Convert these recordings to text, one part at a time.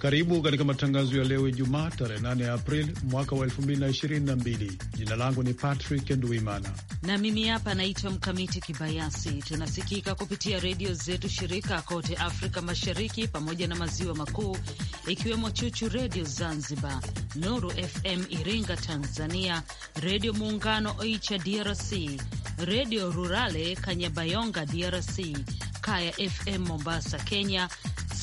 Karibu katika matangazo ya leo Ijumaa, tarehe 8 Aprili mwaka wa 2022. Jina langu ni Patrick Nduimana na mimi hapa naitwa Mkamiti Kibayasi. Tunasikika kupitia redio zetu shirika kote Afrika Mashariki pamoja na Maziwa Makuu, ikiwemo Chuchu Redio Zanzibar, Nuru FM Iringa Tanzania, Redio Muungano Oicha DRC, Redio Rurale Kanyabayonga DRC, Kaya FM Mombasa Kenya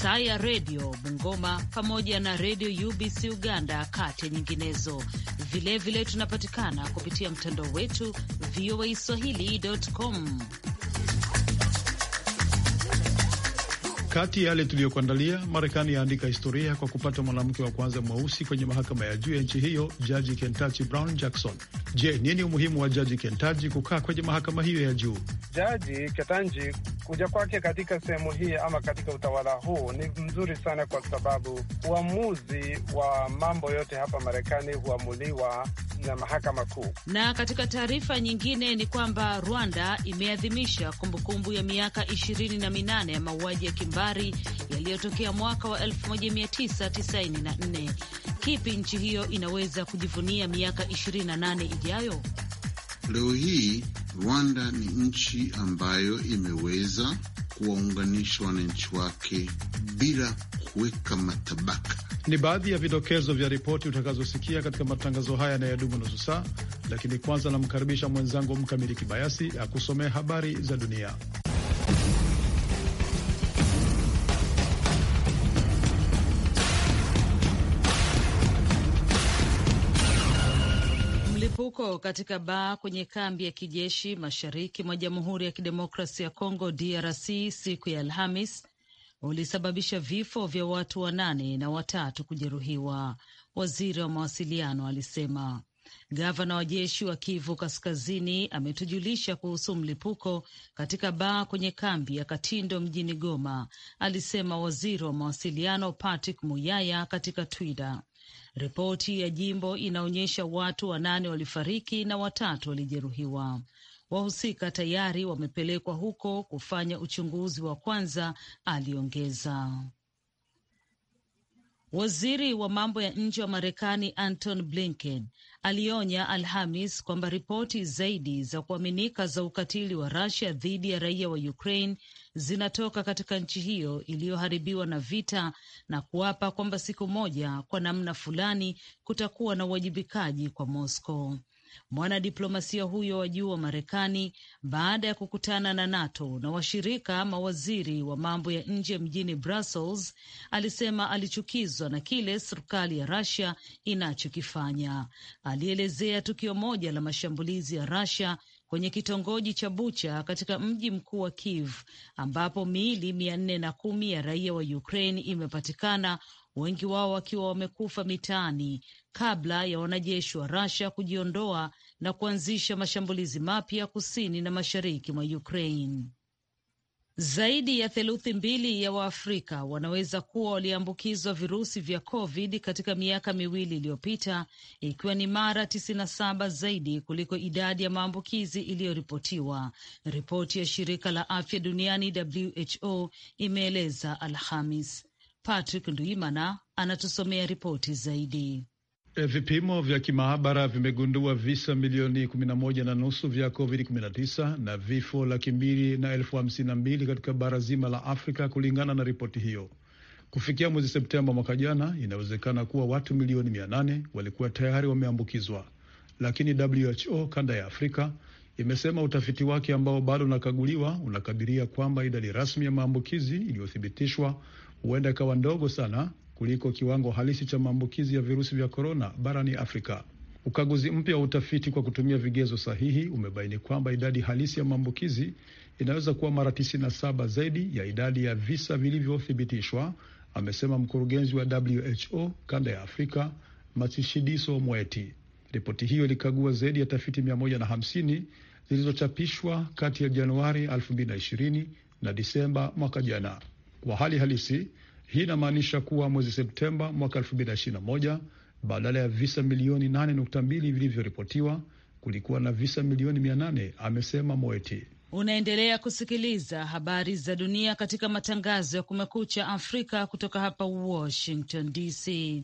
ya Redio Bungoma pamoja na Redio UBC Uganda, kati ya nyinginezo. Vilevile tunapatikana kupitia mtandao wetu VOA Swahili.com. Kati ya yale tuliyokuandalia, Marekani yaandika historia kwa kupata mwanamke wa kwanza mweusi kwenye mahakama ya juu ya nchi hiyo, Jaji Kentachi Brown Jackson. Je, nini umuhimu wa Jaji kentaji kukaa kwenye mahakama hiyo ya juu? Jaji Ketanji kuja kwake katika sehemu hii ama katika utawala huu ni mzuri sana, kwa sababu uamuzi wa mambo yote hapa Marekani huamuliwa na mahakama kuu. Na katika taarifa nyingine ni kwamba Rwanda imeadhimisha kumbukumbu ya miaka ishirini na minane ya mauaji ya kimbari yaliyotokea mwaka wa 1994. Kipi nchi hiyo inaweza kujivunia miaka 28 ijayo? Leo hii Rwanda ni nchi ambayo imeweza kuwaunganisha wananchi wake bila kuweka matabaka. Ni baadhi ya vidokezo vya ripoti utakazosikia katika matangazo haya yanayodumu nusu saa, lakini kwanza namkaribisha mwenzangu Mkamili Kibayasi akusomea habari za dunia. Machafuko katika baa kwenye kambi ya kijeshi mashariki mwa Jamhuri ya Kidemokrasia ya Kongo DRC siku ya Alhamis ulisababisha vifo vya watu wanane na watatu kujeruhiwa, waziri wa mawasiliano alisema. Gavana wa jeshi wa Kivu Kaskazini ametujulisha kuhusu mlipuko katika baa kwenye kambi ya Katindo mjini Goma, alisema waziri wa mawasiliano Patrick Muyaya katika Twitter. Ripoti ya jimbo inaonyesha watu wanane walifariki na watatu walijeruhiwa. Wahusika tayari wamepelekwa huko kufanya uchunguzi wa kwanza, aliongeza. Waziri wa mambo ya nje wa Marekani Anton Blinken alionya Alhamis kwamba ripoti zaidi za kuaminika za ukatili wa rasia dhidi ya raia wa Ukraine zinatoka katika nchi hiyo iliyoharibiwa na vita na kuapa kwamba siku moja, kwa namna fulani, kutakuwa na uwajibikaji kwa Moscow. Mwanadiplomasia huyo wa juu wa Marekani baada ya kukutana na NATO na washirika mawaziri wa mambo ya nje mjini Brussels alisema alichukizwa na kile serikali ya Russia inachokifanya. Alielezea tukio moja la mashambulizi ya Russia kwenye kitongoji cha Bucha katika mji mkuu wa Kiev ambapo miili mia nne na kumi ya raia wa Ukraine imepatikana wengi wao wakiwa wamekufa mitaani kabla ya wanajeshi wa Russia kujiondoa na kuanzisha mashambulizi mapya kusini na mashariki mwa Ukraine. Zaidi ya theluthi mbili ya Waafrika wanaweza kuwa waliambukizwa virusi vya COVID katika miaka miwili iliyopita, ikiwa ni mara 97 zaidi kuliko idadi ya maambukizi iliyoripotiwa, ripoti ya shirika la afya duniani WHO imeeleza Alhamis. Patrick Nduimana anatusomea ripoti zaidi. E, vipimo vya kimaabara vimegundua visa milioni 11 na nusu vya COVID-19 na vifo laki mbili na elfu hamsini na mbili katika bara zima la Afrika kulingana na ripoti hiyo. Kufikia mwezi Septemba mwaka jana, inawezekana kuwa watu milioni 800 walikuwa tayari wameambukizwa, lakini WHO kanda ya Afrika imesema utafiti wake ambao bado unakaguliwa unakadiria kwamba idadi rasmi ya maambukizi iliyothibitishwa huenda ikawa ndogo sana kuliko kiwango halisi cha maambukizi ya virusi vya korona barani Afrika. Ukaguzi mpya wa utafiti kwa kutumia vigezo sahihi umebaini kwamba idadi halisi ya maambukizi inaweza kuwa mara 97 zaidi ya idadi ya visa vilivyothibitishwa, amesema mkurugenzi wa WHO kanda ya Afrika Matshidiso Moeti. Ripoti hiyo ilikagua zaidi ya tafiti 150 zilizochapishwa kati ya Januari 2020 na Disemba mwaka jana. Kwa hali halisi, hii inamaanisha kuwa mwezi Septemba mwaka 2021 badala ya visa milioni 8.2 vilivyoripotiwa kulikuwa na visa milioni 800, amesema Moeti. Unaendelea kusikiliza habari za dunia katika matangazo ya Kumekucha Afrika kutoka hapa Washington DC.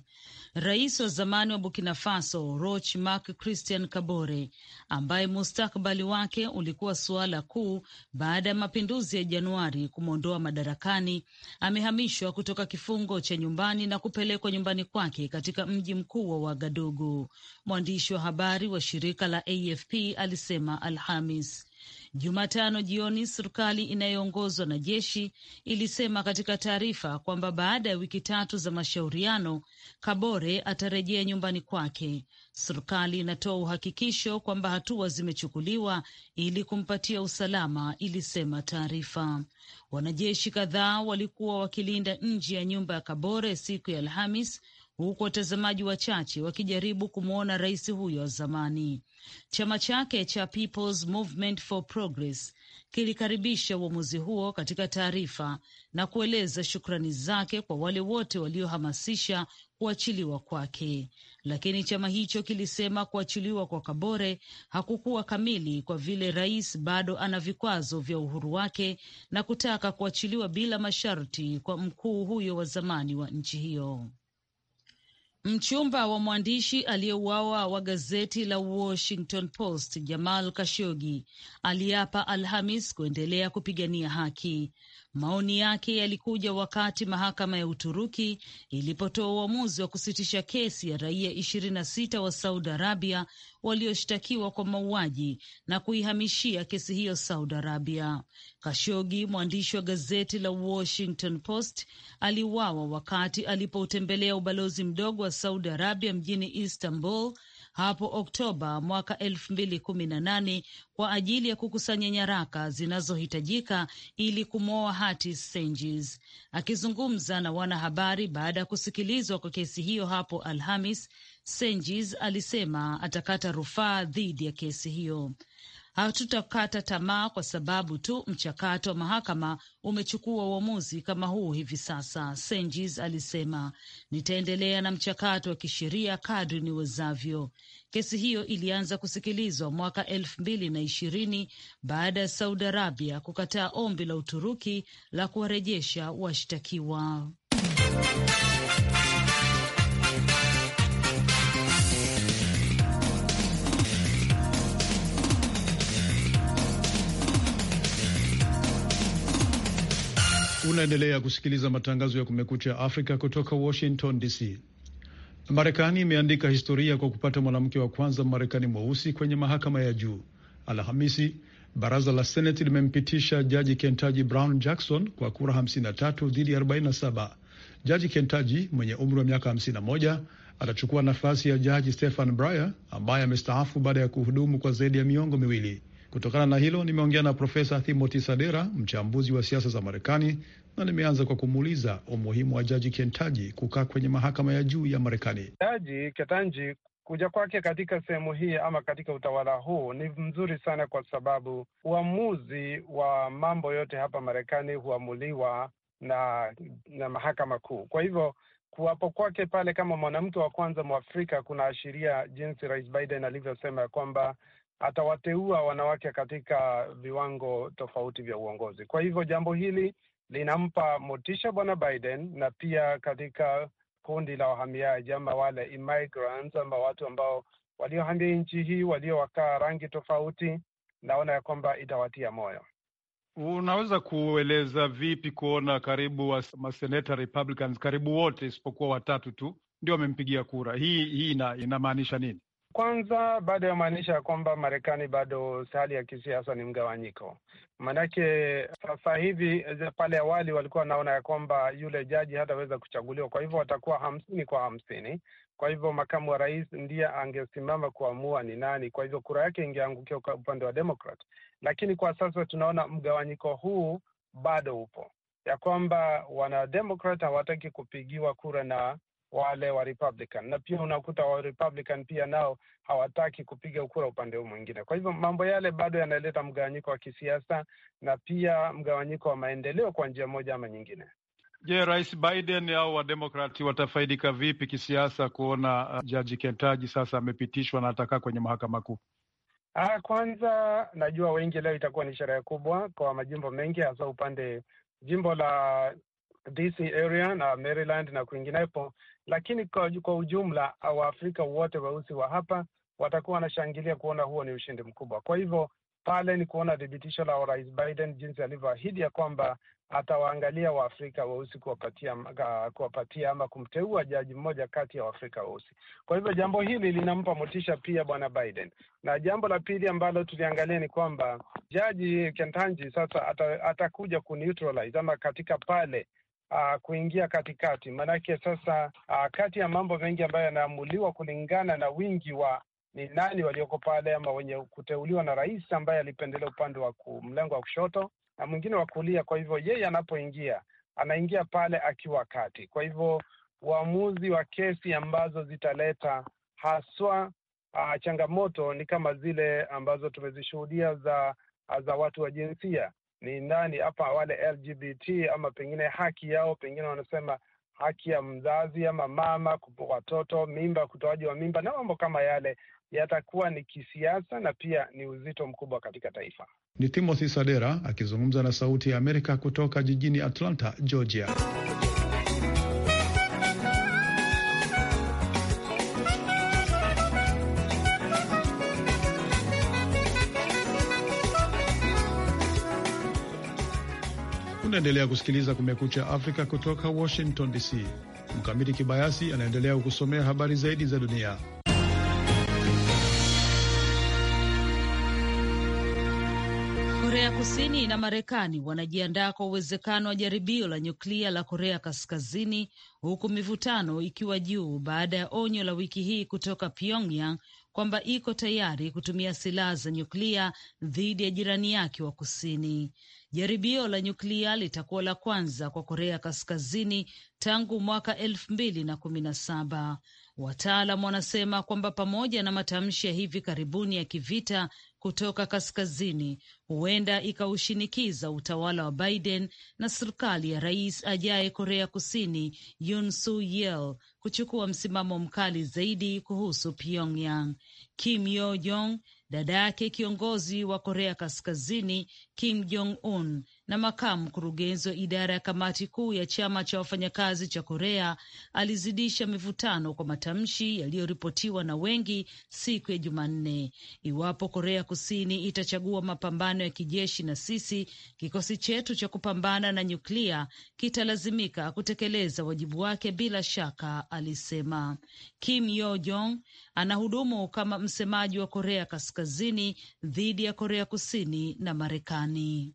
Rais wa zamani wa Burkina Faso Roch Marc Christian Kabore, ambaye mustakabali wake ulikuwa suala kuu baada ya mapinduzi ya Januari kumwondoa madarakani, amehamishwa kutoka kifungo cha nyumbani na kupelekwa nyumbani kwake katika mji mkuu wa Wagadugu. Mwandishi wa habari wa shirika la AFP alisema Alhamis Jumatano jioni, serikali inayoongozwa na jeshi ilisema katika taarifa kwamba baada ya wiki tatu za mashauriano, Kabore atarejea nyumbani kwake. Serikali inatoa uhakikisho kwamba hatua zimechukuliwa ili kumpatia usalama, ilisema taarifa. Wanajeshi kadhaa walikuwa wakilinda nje ya nyumba ya Kabore siku ya Alhamis huku watazamaji wachache wakijaribu kumwona rais huyo wa zamani. Chama chake cha People's Movement for Progress kilikaribisha uamuzi huo katika taarifa na kueleza shukrani zake kwa wale wote waliohamasisha kuachiliwa kwake, lakini chama hicho kilisema kuachiliwa kwa Kabore hakukuwa kamili kwa vile rais bado ana vikwazo vya uhuru wake na kutaka kuachiliwa bila masharti kwa mkuu huyo wa zamani wa nchi hiyo. Mchumba wa mwandishi aliyeuawa wa gazeti la Washington Post Jamal Kashogi aliapa Alhamis kuendelea kupigania haki. Maoni yake yalikuja wakati mahakama ya Uturuki ilipotoa uamuzi wa kusitisha kesi ya raia 26 wa Saudi Arabia walioshtakiwa kwa mauaji na kuihamishia kesi hiyo Saudi Arabia. Kashogi, mwandishi wa gazeti la Washington Post, aliuawa wakati alipoutembelea ubalozi mdogo wa Saudi Arabia mjini Istanbul hapo Oktoba mwaka elfu mbili kumi na nane kwa ajili ya kukusanya nyaraka zinazohitajika ili kumwoa hati Cengiz. Akizungumza na wanahabari baada ya kusikilizwa kwa kesi hiyo hapo Alhamis, senges alisema atakata rufaa dhidi ya kesi hiyo. Hatutakata tamaa kwa sababu tu mchakato wa mahakama umechukua uamuzi kama huu hivi sasa, Senjis alisema. Nitaendelea na mchakato wa kisheria kadri niwezavyo. Kesi hiyo ilianza kusikilizwa mwaka elfu mbili na ishirini baada ya Saudi Arabia kukataa ombi la Uturuki la kuwarejesha washtakiwa. Unaendelea kusikiliza matangazo ya Kumekucha Afrika kutoka Washington DC. Marekani imeandika historia kwa kupata mwanamke wa kwanza Marekani mweusi kwenye mahakama ya juu. Alhamisi, baraza la Seneti limempitisha jaji Kentaji Brown Jackson kwa kura 53 dhidi ya 47. Jaji Kentaji mwenye umri wa miaka 51 atachukua nafasi ya jaji Stephen Breyer ambaye amestaafu baada ya kuhudumu kwa zaidi ya miongo miwili. Kutokana na hilo, nimeongea na Profesa Timothy Sadera, mchambuzi wa siasa za Marekani, na nimeanza kwa kumuuliza umuhimu wa Jaji kentaji kukaa kwenye mahakama ya juu ya Marekani. Jaji Ketanji kuja kwake katika sehemu hii ama katika utawala huu ni mzuri sana, kwa sababu uamuzi wa mambo yote hapa Marekani huamuliwa na na mahakama kuu. Kwa hivyo kuwapo kwake pale kama mwanamke wa kwanza Mwafrika kunaashiria jinsi Rais Biden alivyosema ya kwamba atawateua wanawake katika viwango tofauti vya uongozi. Kwa hivyo jambo hili linampa motisha bwana Biden na pia katika kundi la wahamiaji ama wale immigrants ama watu ambao waliohamia nchi hii waliowakaa rangi tofauti, naona ya kwamba itawatia moyo. Unaweza kueleza vipi kuona karibu maseneta Republicans karibu wote isipokuwa watatu tu ndio wamempigia kura hii? Hii inamaanisha nini? Kwanza bado yamaanisha ya kwamba Marekani bado hali ya kisiasa ni mgawanyiko, maanake sasa hivi eh, pale awali walikuwa wanaona ya kwamba yule jaji hataweza kuchaguliwa, kwa hivyo watakuwa hamsini kwa hamsini. Kwa hivyo makamu wa rais ndiye angesimama kuamua ni nani, kwa hivyo kura yake ingeangukia upande wa Demokrat. Lakini kwa sasa tunaona mgawanyiko huu bado upo, ya kwamba wanademokrat hawataki kupigiwa kura na wale wa Republican, na pia unakuta wa Republican pia nao hawataki kupiga kura upande huu mwingine. Kwa hivyo mambo yale bado yanaleta mgawanyiko wa kisiasa na pia mgawanyiko wa maendeleo kwa njia moja ama nyingine. Je, Rais Biden au wademokrati watafaidika vipi kisiasa kuona uh, Jaji Kentaji sasa amepitishwa na atakaa kwenye mahakama kuu? Ah, kwanza najua wengi leo itakuwa ni sherehe kubwa kwa majimbo mengi, hasa upande jimbo la DC area na Maryland na kwinginepo, lakini kwa, kwa ujumla Waafrika wote weusi wa hapa watakuwa wanashangilia kuona huo ni ushindi mkubwa. Kwa hivyo pale ni kuona thibitisho la Rais Biden jinsi alivyoahidi ya kwamba atawaangalia Waafrika weusi kuwapatia, kuwapatia ama kumteua jaji mmoja kati ya Waafrika weusi. Kwa hivyo jambo hili linampa motisha pia Bwana Biden. Na jambo la pili ambalo tuliangalia ni kwamba jaji Kentanji sasa ata, atakuja kuneutralize ama katika pale uh, kuingia katikati, maanake sasa uh, kati ya mambo mengi ambayo yanaamuliwa kulingana na wingi wa ni nani walioko pale ama wenye kuteuliwa na rais ambaye alipendelea upande wa mlengo wa kushoto na mwingine wa kulia. Kwa hivyo yeye anapoingia anaingia pale akiwa kati. Kwa hivyo uamuzi wa kesi ambazo zitaleta haswa uh, changamoto ni kama zile ambazo tumezishuhudia za za watu wa jinsia ni nani hapa wale LGBT ama pengine haki yao, pengine wanasema haki ya mzazi ama mama, watoto, mimba, kutoaji wa mimba na mambo kama yale yatakuwa ni kisiasa na pia ni uzito mkubwa katika taifa. Ni Timothy Sadera akizungumza na Sauti ya Amerika kutoka jijini Atlanta, Georgia. Unaendelea kusikiliza Kumekucha Afrika kutoka Washington DC. Mkamiti Kibayasi anaendelea kukusomea habari zaidi za dunia. Korea Kusini na Marekani wanajiandaa kwa uwezekano wa jaribio la nyuklia la Korea Kaskazini, huku mivutano ikiwa juu baada ya onyo la wiki hii kutoka Pyongyang kwamba iko tayari kutumia silaha za nyuklia dhidi ya jirani yake wa kusini. Jaribio la nyuklia litakuwa la kwanza kwa Korea Kaskazini tangu mwaka elfu mbili na kumi na saba. Wataalam wanasema kwamba pamoja na matamshi ya hivi karibuni ya kivita kutoka kaskazini huenda ikaushinikiza utawala wa Biden na serikali ya rais ajaye Korea Kusini Yoon Suk Yeol kuchukua msimamo mkali zaidi kuhusu Pyongyang. Kim Yo Jong, dada yake kiongozi wa Korea Kaskazini Kim Jong Un, na makamu mkurugenzi wa idara ya kamati kuu ya chama cha wafanyakazi cha Korea alizidisha mivutano kwa matamshi yaliyoripotiwa na wengi siku ya Jumanne. Iwapo Korea Kusini itachagua mapambano ya kijeshi na sisi, kikosi chetu cha kupambana na nyuklia kitalazimika kutekeleza wajibu wake bila shaka, alisema. Kim Yo Jong anahudumu kama msemaji wa Korea Kaskazini dhidi ya Korea Kusini na Marekani.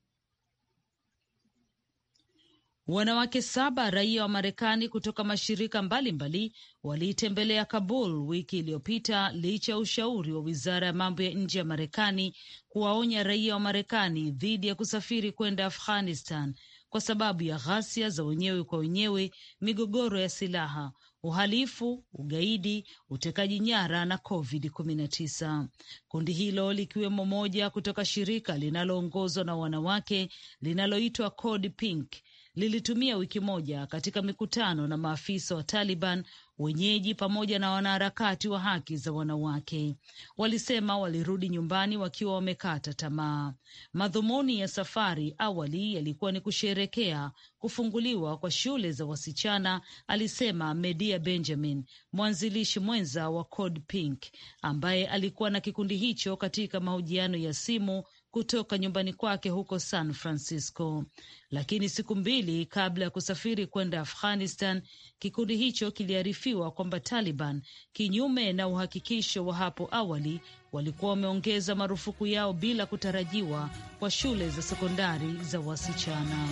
Wanawake saba raia wa Marekani kutoka mashirika mbalimbali waliitembelea Kabul wiki iliyopita licha ya ushauri wa wizara ya mambo ya nje ya Marekani kuwaonya raia wa Marekani dhidi ya kusafiri kwenda Afghanistan kwa sababu ya ghasia za wenyewe kwa wenyewe, migogoro ya silaha, uhalifu, ugaidi, utekaji nyara na COVID-19. Kundi hilo likiwemo moja kutoka shirika linaloongozwa na wanawake linaloitwa Code Pink lilitumia wiki moja katika mikutano na maafisa wa Taliban wenyeji pamoja na wanaharakati wa haki za wanawake. Walisema walirudi nyumbani wakiwa wamekata tamaa. Madhumuni ya safari awali yalikuwa ni kusherekea kufunguliwa kwa shule za wasichana, alisema Media Benjamin, mwanzilishi mwenza wa Code Pink ambaye alikuwa na kikundi hicho katika mahojiano ya simu kutoka nyumbani kwake huko San Francisco. Lakini siku mbili kabla ya kusafiri kwenda Afghanistan, kikundi hicho kiliarifiwa kwamba Taliban, kinyume na uhakikisho wa hapo awali, walikuwa wameongeza marufuku yao bila kutarajiwa kwa shule za sekondari za wasichana.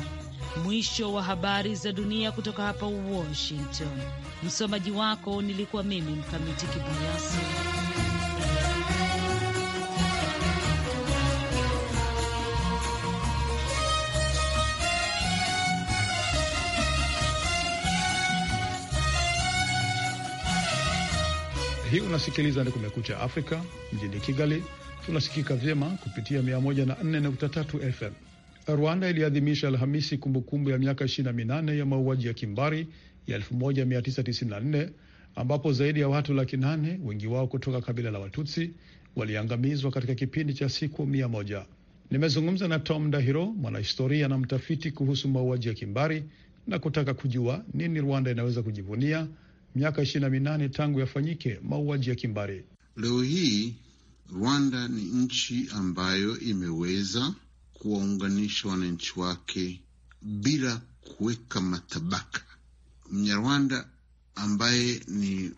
Mwisho wa habari za dunia kutoka hapa Washington. Msomaji wako nilikuwa mimi Mkamiti Kibayasi. Hii unasikiliza ni Kumekucha Afrika mjini Kigali, tunasikika vyema kupitia 104.3 FM. Rwanda iliadhimisha Alhamisi kumbukumbu ya miaka 28 ya mauaji ya kimbari ya 1994 ambapo zaidi ya watu laki nane, wengi wao kutoka kabila la Watutsi, waliangamizwa katika kipindi cha siku mia moja. Nimezungumza na Tom Dahiro, mwanahistoria na mtafiti kuhusu mauaji ya kimbari, na kutaka kujua nini Rwanda inaweza kujivunia miaka ishirini na minane tangu yafanyike mauaji ya kimbari. Leo hii Rwanda ni nchi ambayo imeweza kuwaunganisha wananchi wake bila kuweka matabaka. Mnyarwanda ambaye ni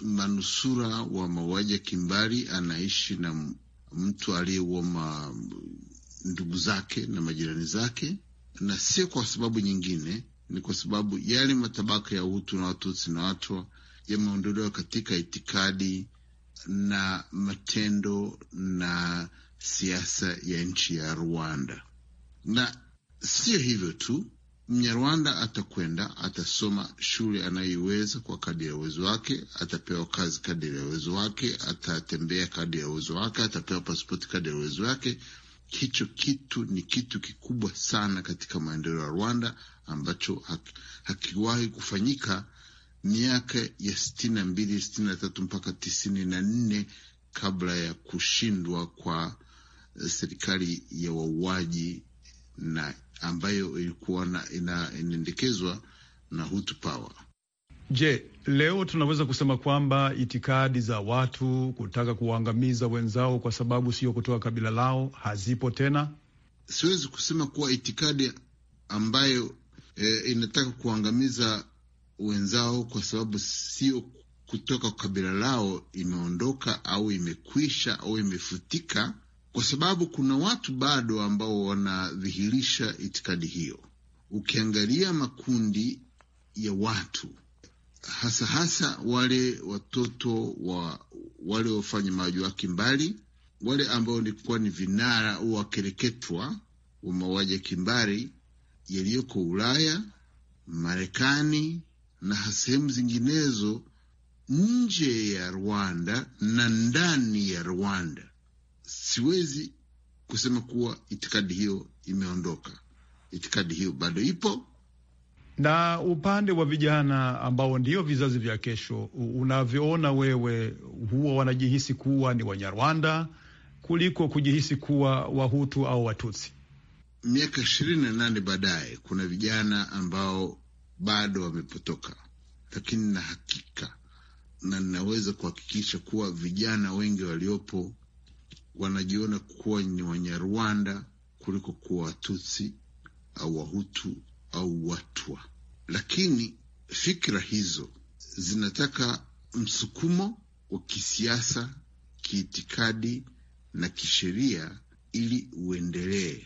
manusura wa mauaji ya kimbari anaishi na mtu aliyeuoma ndugu zake na majirani zake, na sio kwa sababu nyingine, ni kwa sababu yale matabaka ya Utu na Watutsi na Watwa yameondolewa katika itikadi na matendo na siasa ya nchi ya Rwanda. Na siyo hivyo tu, Mnyarwanda atakwenda atasoma shule anayoiweza kwa kadi ya uwezo wake, atapewa kazi kadi ya uwezo wake, atatembea kadi ya uwezo wake, atapewa pasipoti kadi ya uwezo wake, Hicho kitu ni kitu kikubwa sana katika maendeleo ya Rwanda ambacho hakiwahi kufanyika miaka ya sitini na mbili sitini na tatu mpaka tisini na nne kabla ya kushindwa kwa eh, serikali ya wauaji na ambayo ilikuwa inaendekezwa na Hutu Power. Je, Leo tunaweza kusema kwamba itikadi za watu kutaka kuwaangamiza wenzao kwa sababu sio kutoka kabila lao hazipo tena. Siwezi kusema kuwa itikadi ambayo e, inataka kuangamiza wenzao kwa sababu sio kutoka kabila lao imeondoka au imekwisha au imefutika, kwa sababu kuna watu bado ambao wanadhihirisha itikadi hiyo. Ukiangalia makundi ya watu hasa hasa wale watoto wa wale wafanya mauaji kimbari, wale ambao nilikuwa ni vinara au wakereketwa wa mauaji ya kimbari yaliyoko Ulaya, Marekani na sehemu zinginezo nje ya Rwanda na ndani ya Rwanda. Siwezi kusema kuwa itikadi hiyo imeondoka. Itikadi hiyo bado ipo na upande wa vijana ambao ndio vizazi vya kesho, unavyoona wewe, huwa wanajihisi kuwa ni Wanyarwanda kuliko kujihisi kuwa Wahutu au Watutsi? Miaka ishirini na nane baadaye kuna vijana ambao bado wamepotoka, lakini na hakika na ninaweza kuhakikisha kuwa vijana wengi waliopo wanajiona kuwa ni Wanyarwanda kuliko kuwa Watutsi au Wahutu au watwa. Lakini fikra hizo zinataka msukumo wa kisiasa, kiitikadi na kisheria ili uendelee.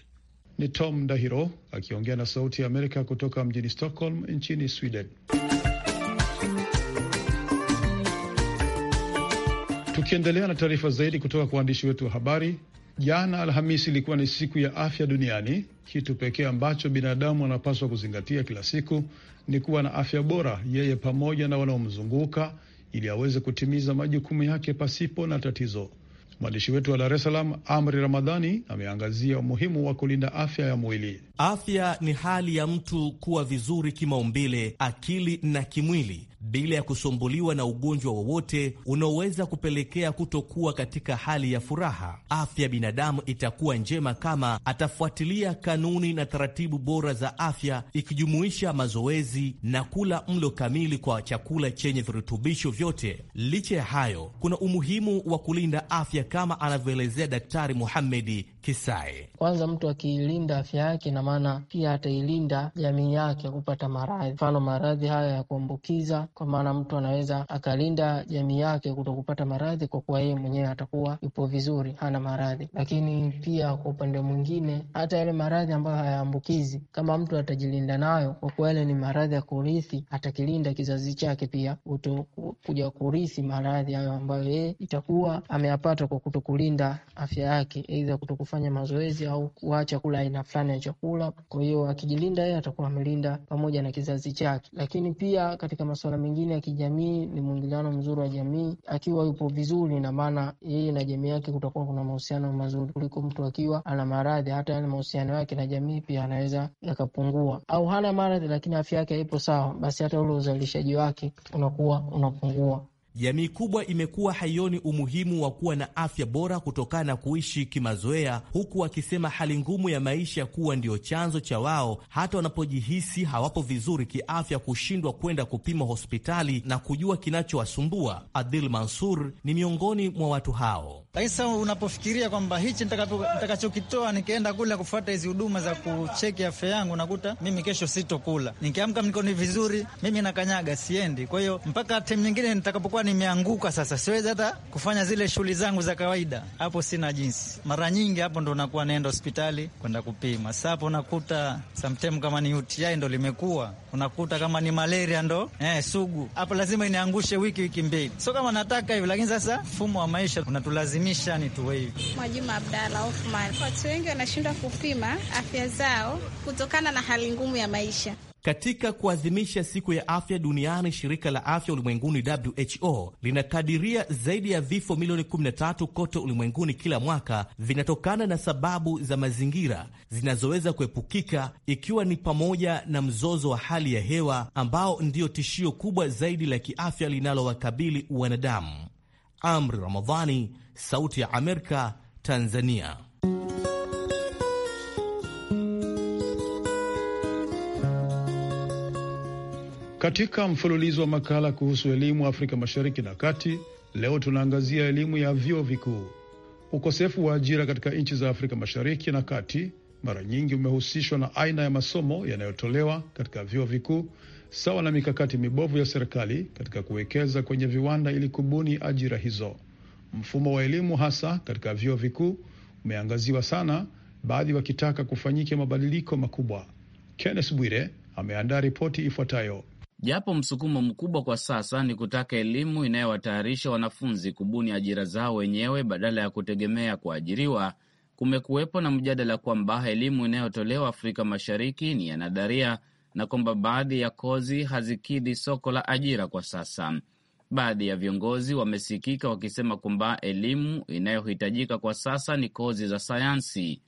Ni Tom Dahiro akiongea na Sauti ya Amerika kutoka mjini Stockholm nchini Sweden. Tukiendelea na taarifa zaidi kutoka kwa waandishi wetu wa habari, Jana Alhamisi ilikuwa ni siku ya afya duniani. Kitu pekee ambacho binadamu anapaswa kuzingatia kila siku ni kuwa na afya bora, yeye pamoja na wanaomzunguka, ili aweze kutimiza majukumu yake pasipo na tatizo. Mwandishi wetu wa Dar es Salaam, Amri Ramadhani, ameangazia umuhimu wa kulinda afya ya mwili. Afya ni hali ya mtu kuwa vizuri kimaumbile, akili na kimwili, bila ya kusumbuliwa na ugonjwa wowote unaoweza kupelekea kutokuwa katika hali ya furaha. Afya ya binadamu itakuwa njema kama atafuatilia kanuni na taratibu bora za afya, ikijumuisha mazoezi na kula mlo kamili kwa chakula chenye virutubisho vyote. Licha ya hayo, kuna umuhimu wa kulinda afya kama anavyoelezea Daktari Muhamedi Kisai. Kwanza, mtu akiilinda afya yake, na maana pia atailinda jamii yake kupata maradhi, mfano maradhi haya ya kuambukiza kwa maana mtu anaweza akalinda jamii yake kuto kupata maradhi kwa kuwa yeye mwenyewe atakuwa yupo vizuri, hana maradhi. Lakini pia kwa upande mwingine, hata yale maradhi ambayo hayaambukizi kama mtu atajilinda nayo, kwa kuwa yale ni maradhi ya kurithi, atakilinda kizazi chake pia kuto kuja kurithi maradhi hayo ambayo yeye itakuwa ameyapata kwa kuto kulinda afya yake, aidha kuto kufanya mazoezi au kuacha kula aina fulani ya chakula. Kwa hiyo akijilinda yeye atakuwa amelinda pamoja na kizazi chake, lakini pia katika masuala mwingine ya kijamii ni mwingiliano mzuri wa jamii. Akiwa yupo vizuri, ina maana yeye na jamii yake kutakuwa kuna mahusiano mazuri kuliko mtu akiwa ana maradhi. Hata yale mahusiano yake na jamii pia anaweza yakapungua, au hana maradhi lakini afya yake haipo sawa, basi hata ule uzalishaji wake unakuwa unapungua. Jamii kubwa imekuwa haioni umuhimu wa kuwa na afya bora kutokana na kuishi kimazoea, huku wakisema hali ngumu ya maisha kuwa ndio chanzo cha wao hata wanapojihisi hawapo vizuri kiafya kushindwa kwenda kupima hospitali na kujua kinachowasumbua. Adil Mansur ni miongoni mwa watu hao. Lakini sasa unapofikiria kwamba hichi nitakachokitoa nikienda kule kufuata hizi huduma za kucheki afya yangu, nakuta mimi kesho sitokula, nikiamka mkoni vizuri, mimi nakanyaga, siendi. Kwa hiyo mpaka time nyingine nitakapokuwa nimeanguka sasa, siwezi hata kufanya zile shughuli zangu za kawaida, hapo sina jinsi. Mara nyingi hapo ndo nakuwa naenda hospitali kwenda kupima. Sasa hapo nakuta sometime kama ni UTI ndo limekuwa, unakuta kama ni malaria ndo eh, sugu hapo, lazima iniangushe wiki wiki mbili, so kama nataka hivi. Lakini sasa mfumo wa maisha unatulazimisha ni tuwe hivi. Mwajuma Abdalla Othman. Watu wengi wanashindwa kupima afya zao kutokana na hali ngumu ya maisha. Katika kuadhimisha siku ya afya duniani, shirika la afya ulimwenguni WHO linakadiria zaidi ya vifo milioni 13 kote ulimwenguni kila mwaka vinatokana na sababu za mazingira zinazoweza kuepukika, ikiwa ni pamoja na mzozo wa hali ya hewa ambao ndiyo tishio kubwa zaidi la kiafya linalowakabili wanadamu. Amri Ramadhani, Sauti ya Amerika, Tanzania. Katika mfululizo wa makala kuhusu elimu Afrika Mashariki na Kati, leo tunaangazia elimu ya vyuo vikuu. Ukosefu wa ajira katika nchi za Afrika Mashariki na Kati mara nyingi umehusishwa na aina ya masomo yanayotolewa katika vyuo vikuu, sawa na mikakati mibovu ya serikali katika kuwekeza kwenye viwanda ili kubuni ajira hizo. Mfumo wa elimu hasa katika vyuo vikuu umeangaziwa sana, baadhi wakitaka kufanyike mabadiliko makubwa. Kenneth Bwire ameandaa ripoti ifuatayo. Japo msukumo mkubwa kwa sasa ni kutaka elimu inayowatayarisha wanafunzi kubuni ajira zao wenyewe badala ya kutegemea kuajiriwa, kumekuwepo na mjadala kwamba elimu inayotolewa Afrika Mashariki ni ya nadharia na kwamba baadhi ya kozi hazikidhi soko la ajira kwa sasa. Baadhi ya viongozi wamesikika wakisema kwamba elimu inayohitajika kwa sasa ni kozi za sayansi.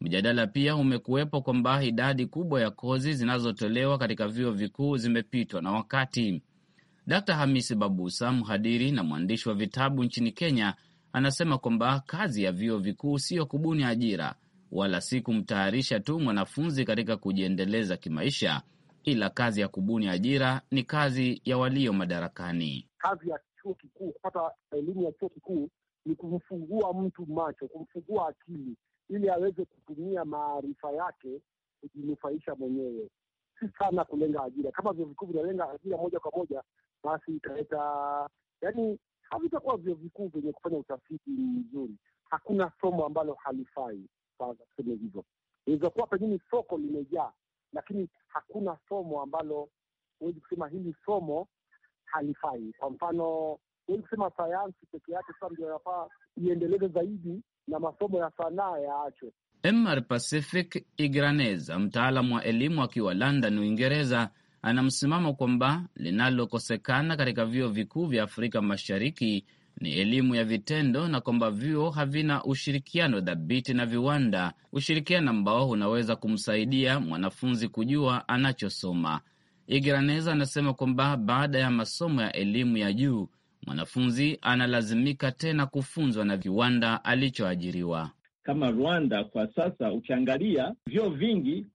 Mjadala pia umekuwepo kwamba idadi kubwa ya kozi zinazotolewa katika vyuo vikuu zimepitwa na wakati. d Hamisi Babusa, mhadiri na mwandishi wa vitabu nchini Kenya, anasema kwamba kazi ya vyuo vikuu siyo kubuni ajira wala si kumtayarisha tu mwanafunzi katika kujiendeleza kimaisha, ila kazi ya kubuni ajira ni kazi ya walio madarakani. Kazi ya chuo kikuu, kupata elimu ya chuo kikuu ni kumfungua mtu macho, kumfungua akili ili aweze kutumia maarifa yake kujinufaisha mwenyewe, si sana kulenga ajira. Kama vyuo vikuu vinalenga ajira moja kwa moja, basi italeta yani, havitakuwa vyuo vikuu vyenye kufanya utafiti mzuri. Hakuna somo ambalo halifai, tuseme hivyo. Inaweza kuwa pengine soko limejaa lakini hakuna somo ambalo huwezi kusema hili somo halifai. Kwa mfano, huwezi kusema sayansi peke yake sasa ndio yafaa iendeleze zaidi na masomo ya sanaa yaachwe. Mr Pacific Igraneza, mtaalamu wa elimu akiwa London, Uingereza, ana msimamo kwamba linalokosekana katika vyuo vikuu vya Afrika Mashariki ni elimu ya vitendo na kwamba vyuo havina ushirikiano dhabiti na viwanda, ushirikiano ambao unaweza kumsaidia mwanafunzi kujua anachosoma. Igraneza anasema kwamba baada ya masomo ya elimu ya juu mwanafunzi analazimika tena kufunzwa na viwanda alichoajiriwa. Kama Rwanda kwa sasa, ukiangalia vyuo vingi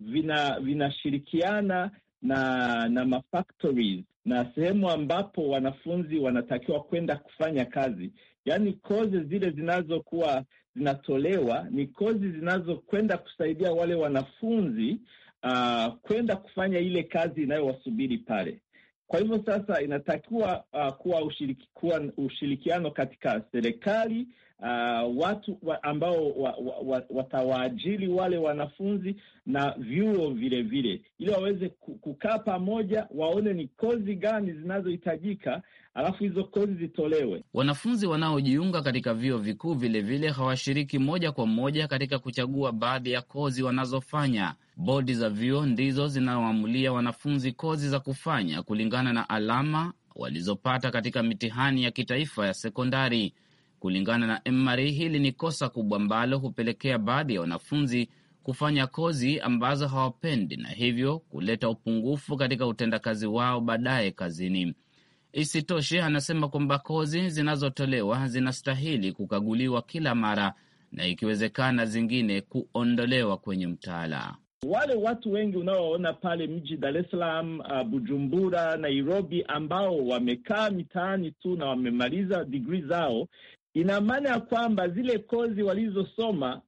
vinashirikiana vina na na mafactories na sehemu ambapo wanafunzi wanatakiwa kwenda kufanya kazi. Yaani, kozi zile zinazokuwa zinatolewa ni kozi zinazokwenda kusaidia wale wanafunzi uh, kwenda kufanya ile kazi inayowasubiri pale. Kwa hivyo sasa inatakiwa uh, kuwa ushiriki, kuwa ushirikiano katika serikali uh, watu wa ambao wa, wa, wa, watawaajili wale wanafunzi na vyuo vile vile, ili waweze kukaa pamoja, waone ni kozi gani zinazohitajika, alafu hizo kozi zitolewe. Wanafunzi wanaojiunga katika vyuo vikuu vilevile hawashiriki moja kwa moja katika kuchagua baadhi ya kozi wanazofanya. Bodi za vyuo ndizo zinaoamulia wanafunzi kozi za kufanya kulingana na alama walizopata katika mitihani ya kitaifa ya sekondari. Kulingana na mr hili ni kosa kubwa ambalo hupelekea baadhi ya wanafunzi kufanya kozi ambazo hawapendi na hivyo kuleta upungufu katika utendakazi wao baadaye kazini. Isitoshe, anasema kwamba kozi zinazotolewa zinastahili kukaguliwa kila mara na ikiwezekana zingine kuondolewa kwenye mtaala. Wale watu wengi unaoona pale mji Dar es Salaam, uh, Bujumbura, Nairobi, ambao wamekaa mitaani tu na wamemaliza digrii zao, ina maana ya kwamba zile kozi walizosoma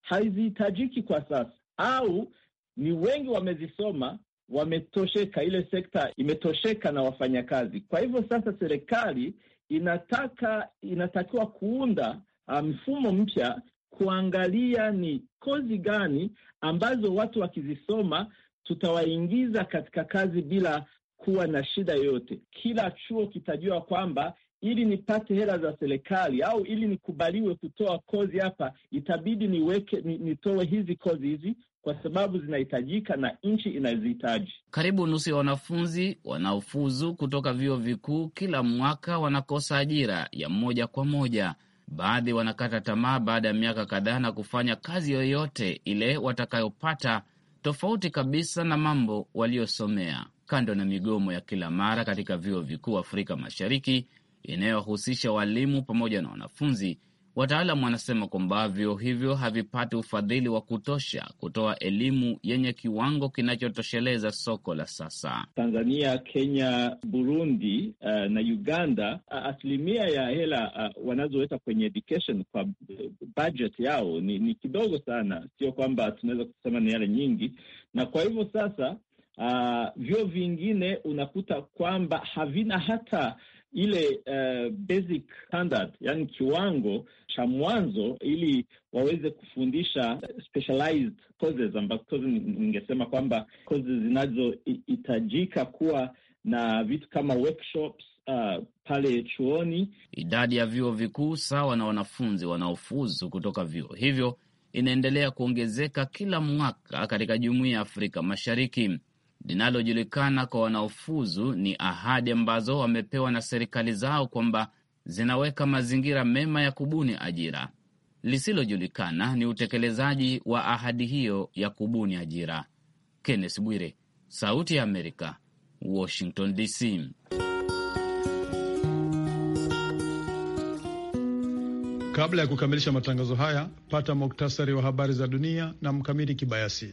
hazihitajiki kwa sasa, au ni wengi wamezisoma, wametosheka, ile sekta imetosheka na wafanyakazi. Kwa hivyo sasa serikali inataka inatakiwa kuunda uh, mfumo um, mpya kuangalia ni kozi gani ambazo watu wakizisoma tutawaingiza katika kazi bila kuwa na shida yoyote. Kila chuo kitajua kwamba ili nipate hela za serikali au ili nikubaliwe kutoa kozi hapa, itabidi niweke nitoe hizi kozi hizi kwa sababu zinahitajika na nchi inazihitaji. Karibu nusu ya wanafunzi wanaofuzu kutoka vyuo vikuu kila mwaka wanakosa ajira ya moja kwa moja. Baadhi wanakata tamaa baada ya miaka kadhaa na kufanya kazi yoyote ile watakayopata, tofauti kabisa na mambo waliosomea. Kando na migomo ya kila mara katika vyuo vikuu Afrika Mashariki, inayohusisha walimu pamoja na wanafunzi. wataalam wanasema kwamba vyuo hivyo havipati ufadhili wa kutosha kutoa elimu yenye kiwango kinachotosheleza soko la sasa. Tanzania, Kenya, Burundi uh, na Uganda uh, asilimia ya hela uh, wanazoweka kwenye education kwa budget yao ni, ni kidogo sana, sio kwamba tunaweza kusema ni yale nyingi, na kwa hivyo sasa uh, vyuo vingine unakuta kwamba havina hata ile uh, basic standard, yani kiwango cha mwanzo, ili waweze kufundisha specialized courses ambazo ningesema kwamba courses zinazohitajika kuwa na vitu kama workshops uh, pale chuoni. Idadi ya vyuo vikuu sawa na wanafunzi wanaofuzu kutoka vyuo hivyo inaendelea kuongezeka kila mwaka katika jumuiya ya Afrika Mashariki linalojulikana kwa wanaofuzu ni ahadi ambazo wamepewa na serikali zao kwamba zinaweka mazingira mema ya kubuni ajira. Lisilojulikana ni utekelezaji wa ahadi hiyo ya kubuni ajira. Kenneth Bwire, Sauti ya Amerika, Washington DC. Kabla ya kukamilisha matangazo haya, pata muktasari wa habari za dunia na Mkamili Kibayasi.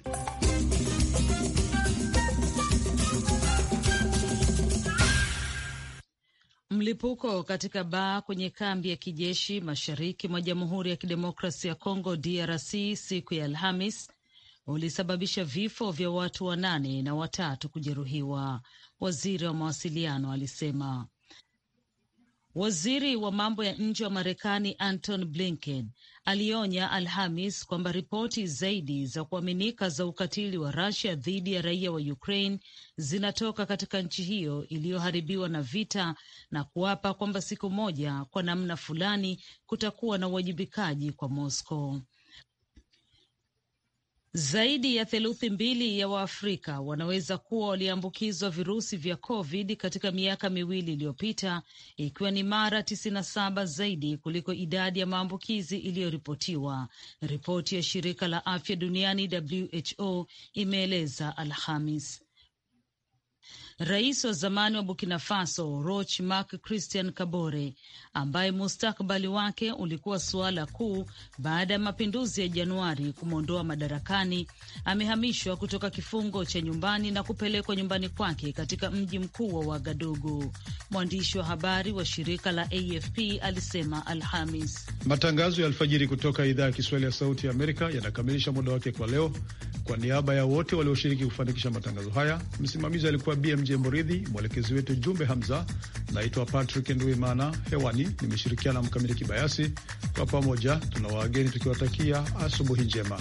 Mlipuko katika baa kwenye kambi ya kijeshi mashariki mwa Jamhuri ya Kidemokrasi ya Kongo DRC siku ya Alhamis ulisababisha vifo vya watu wanane na watatu kujeruhiwa, waziri wa mawasiliano alisema. Waziri wa mambo ya nje wa Marekani Anton Blinken alionya Alhamis kwamba ripoti zaidi za kuaminika za ukatili wa rasia dhidi ya raia wa Ukraine zinatoka katika nchi hiyo iliyoharibiwa na vita na kuapa kwamba siku moja, kwa namna fulani, kutakuwa na uwajibikaji kwa Moscow. Zaidi ya theluthi mbili ya Waafrika wanaweza kuwa waliambukizwa virusi vya COVID katika miaka miwili iliyopita, ikiwa ni mara 97 zaidi kuliko idadi ya maambukizi iliyoripotiwa, ripoti ya shirika la afya duniani WHO imeeleza Alhamis. Rais wa zamani wa Burkina Faso Roch Marc Christian Kabore, ambaye mustakabali wake ulikuwa suala kuu baada ya mapinduzi ya Januari kumwondoa madarakani, amehamishwa kutoka kifungo cha nyumbani na kupelekwa nyumbani kwake katika mji mkuu wa Wagadugu. Mwandishi wa habari wa shirika la AFP alisema Alhamis. Matangazo ya alfajiri kutoka idhaa ya Kiswahili ya Sauti ya Amerika yanakamilisha muda wake kwa leo. Kwa niaba ya wote walioshiriki kufanikisha matangazo haya, msimamizi alikuwa BMJ BMJ Muridhi, mwelekezi wetu Jumbe Hamza. Naitwa Patrick Nduimana, hewani nimeshirikiana na Mkamili Kibayasi. Kwa pamoja tuna waageni tukiwatakia asubuhi njema.